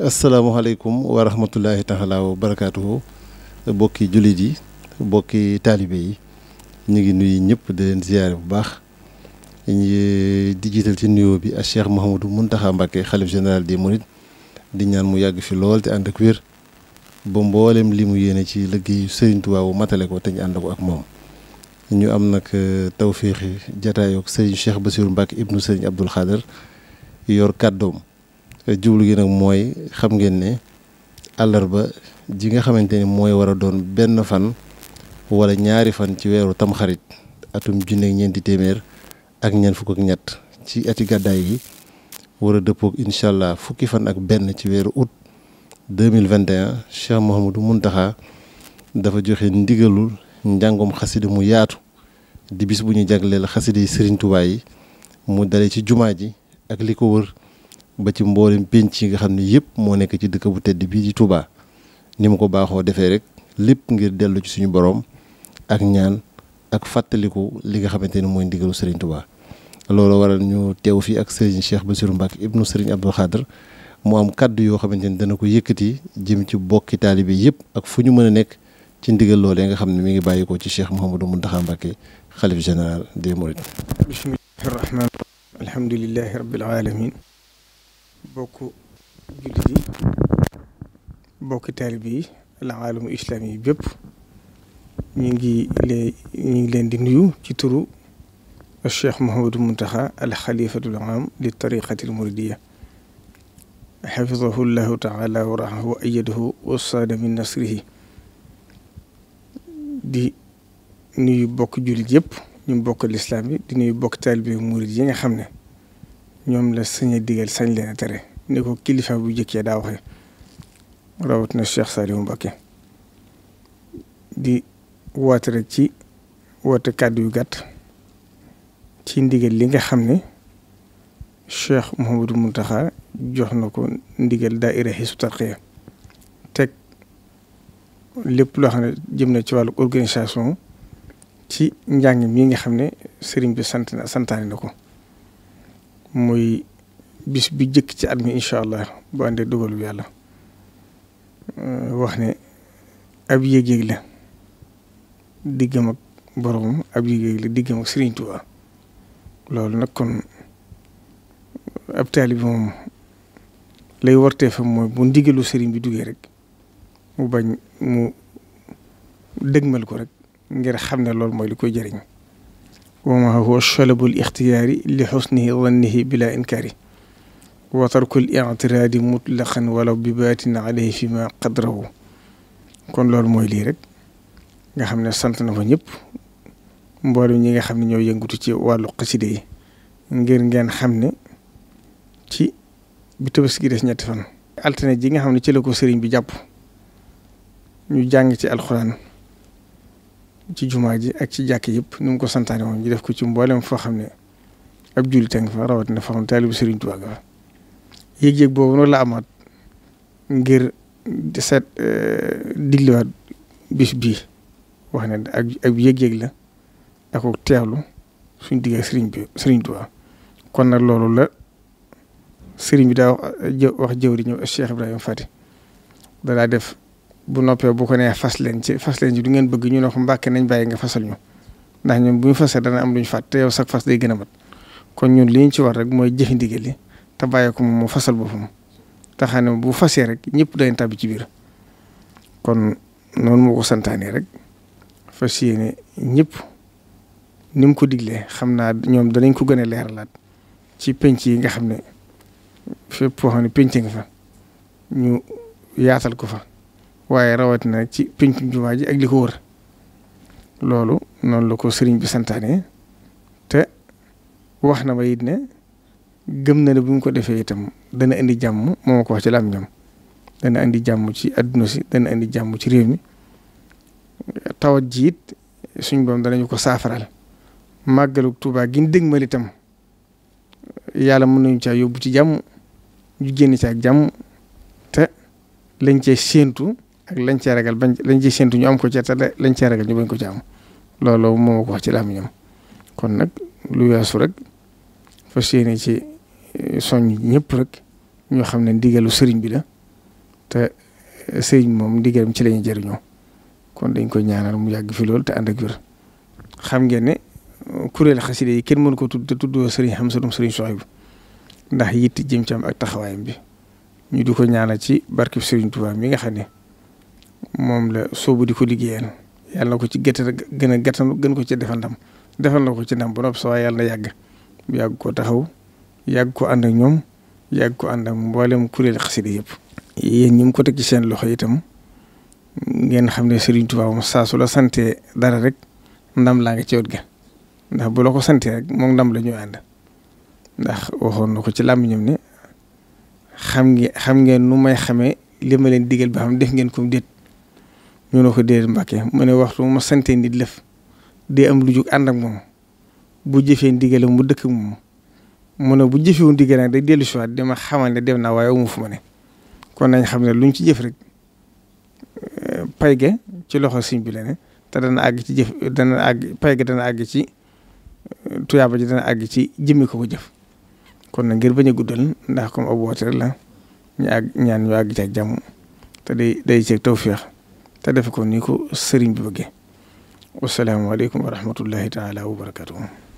asalaamaaleykum wa rahmatullahi taala wa barakaatuhu bokki jullit yi bokki taalibe yi ñu ngi nuyu ñëpp di leen ziyaare bu baax ñu di jiital ci nuyoo bi ak Cheikh Mouhamadou Mountakha Mbacké xalif général des Mourides di ñaan mu yàgg fi lool te ànd ak ba mboolem li mu yéene ci liggéeyu Serigne Touba wu ko te ñu ànd ko ak moom ñu am nag euh, tawféexi jataayook Serigne Cheikh Bassirou Mbacké ibnu Serigne Abdoul Khader yor kàddoom jublu gi nag mooy xam ngeen ne àllarba ji nga xamante ni mooy war a doon benn fan wala ñaari fan ci weeru tamxarit atum junne ak ñeenti téeméer ak ñeent fukk ak ñett ci ati gàddaay yi war a dëppoog incha allah fukki fan ak benn ci weeru août deux mille vingt et un Cheikh Mouhamadou Mountakha dafa joxe ndigalul njàngum xasida mu yaatu di bis bu ñu jagleel xasida yi Serigne mu dale ci jumaa ji ak li ko wër. ba ci mboolem pénc yi nga xam ne yëpp moo nekk ci dëkk bu tedd bii di Touba ni mu ko baaxoo defee rek lépp ngir dellu ci suñu boroom ak ñaan ak fàttaliku li nga xamante ne mooy ndigalu Serigne Touba. loolu waral ñu teew fii ak Serigne Cheikh Bassirou Mbacke ibnu sëriñ Abdou Khadr mu am kàddu yoo xamante ni dana ko yëkkati jëm ci bokki taalibe yëpp ak fu ñu mën a nekk ci ndigal loolee nga xam ne mu ngi bàyyi ko ci Cheikh Mouhamadou Mountakha Mbacke xalif général des Mourides. bismillahi bokk jullit yi bokki alaalamu islaam bépp ñu ngi leen ñu ngi leen di nuyu ci turu Cheikh Mouhamadou Mountakha al xalifatul aam li tariqatil muridiya xafidahu llahu taala wa raxahu wa ayadahu min nasrihi di nuyu bokk jullit yëpp ñu bokk lislaam yi di nuyu bokk taalibe murid yi nga xam ne ñoom la sañ a digal sañ leen a tere ni ko kilifa bu jëkkee daa waxee rawatina Cheikh Saliou Mbacké di woote ci woote kàddu yu gàtt ci ndigal li nga xam ne Cheikh Mouhamadou Mountakha jox na ko ndigal daaira Hizbut Tarqiyyah teg lépp loo xam ne jëm na ci wàllu organisation ci njàng mi nga xam ne sëriñ bi sant na santaane na ko muy bis bi jëkk ci at mi incha allah bu àndee dogal bu yàlla euh, wax ne ab yéeg-yéeg la diggam ak borom ab yéeg-yéeg la diggam ak Serigne Touba loolu nag kon ab taalibe moom lay wartee fa mooy bu ndigalu Serigne bi duggee rek mu bañ mu dëgmal ko rek ngir xam ne loolu mooy li koy jëriñ. wa ma huwa chalabu l ixtiyaari li xusnihi dannihi bila inkaari wa tarkul ictiraadi mutlaqan walaw bi baatin alayhi fi ma qadrahu kon loolu mooy lii rek nga xam ne sant na fa ñëpp mboolem ñi nga xam ne ñoo yëngutu ci wàllu xaside yi ngir ngeen xam ne ci bi Tabaski de des ñetti fan altine ji nga xam ne ci la ko sëriñ bi jàpp ñu jàng ci alxuraan ci jumaa ji ak ci jàkk yëpp nu mu ko santaane woon ñu def ko ci mboolem foo xam ne ak jullit a fa rawatina foo xam ne taalibu Sëriñ Tuubaa nga fa yëg ngir seet euh, digliwaat bis wax ne ak ak la ak teewlu suñ digg sëriñ bi sëriñ Tuubaa kon nag loolu la sëriñ bi daa euh, wax jëw di ñëw Cheikh Fati da def bu noppee bu ko nee fas leen ci fas leen ci du ngeen bëgg ñu ne ko mbàkke nañ bàyyi nga fasal ñu ndax ñun bu ñu fasee dana am lu ñu fàtt te yow sax fas day gën a mat kon ñun li ñu ci war rek mooy jëfi ndigal li te bàyyi ko mu fasal boppam te bu fasee rek ñëpp dañ tàbbi ci biir kon noonu moo ko santaanee rek fas yéene ñëpp ni ko diglee xam naa ñoom danañ ko gën a leeralaat ci penc yi nga xam ne fépp foo xam ne penc nga fa ñu yaatal ko fa. waaye rawatina ci pencum jumaa ji ak li ko wër loolu noonu la ko sëriñ bi santaane te wax na ma it ne gëm na ne bu ñu ko defee itam dana indi jàmm moo ko wax ci làmmiñam dana indi jàmm ci àdduna si dana indi jàmm ci réew mi tawat jiit it suñ boom ko saafaral màggalu Tuubaa gin ñu dëgmal itam yàlla mën nañu caa yóbbu ci jàmm ñu génn ci ak jàmm te lañ cee séentu ak lañ cee ragal bañ lañ ci séntu ñu am ko ca te lañ cee ragal ñu bañ ko ci am loolu moom ma wax ci laam ñoom kon nag lu weesu rek fas yéene ci eh, soññ ñëpp rek ñu xam ne ndigalu sëriñ bi la te eh, sëriñ moom ndigalam ci lañuy jëriñoo kon dañ ko ñaanal mu yàgg fi loolu te ànd ak wér xam ngeen ne eh, kuréel xaside yi kenn mënu ko tudd te tuddoo sëriñ Hamsatum sëriñ Soxibu ndax yitt jëm cam ak taxawaayam bi ñu du ko ñaanal ci barkeb sëriñ Tuubaa mi nga xam ne moom la soobu di ko liggéeyal yàlla na ko ci gëttal gën a gàttal gën ko ci defal ndam defal na ko ci ndam bu nopp sa waaye yàlla na yàgg yàgg ko taxaw yàgg ko ànd ak ñoom yàgg ko ànd ak mboolem kuréel xasida yëpp. yéen ñi mu ko teg ci seen loxo itam ngeen xam ne Serigne Touba moom saa su la sante dara rek ndam laa nga ci wet ga ndax bu la ko santee rek moom ndam la ñuy ànd ndax waxoon na ko ci làmmiñam ne xam ngeen xam ngeen nu may xamee li ma leen digal ba xam def ngeen ko déet ñu ne ko déet Mbàkke mu ne waxtu ma sante nit lëf dee am lu jug ànd ak moom bu jëfee ndigale mu dëkk mu mu ne bu jëfewu ndigale nag day dellu si dema dama xamal ne dem naa waaye amu fu ma ne kon nañ xam ne luñ ci jëf rek eh, pay ci loxo sëñ bi la ne te dana àgg ci jëf dana àgg eh, ji dana àgg ci jëmmi ko ko jëf kon na ngir bañ a guddal ndax comme ab woote ñaan ñu àgg ci ak jàmm te day day ceeg tawféex te def ko ni ko sëriñ bi bëggee wasalaamaaleykum wa rahmatullahi taala wa barakatuhu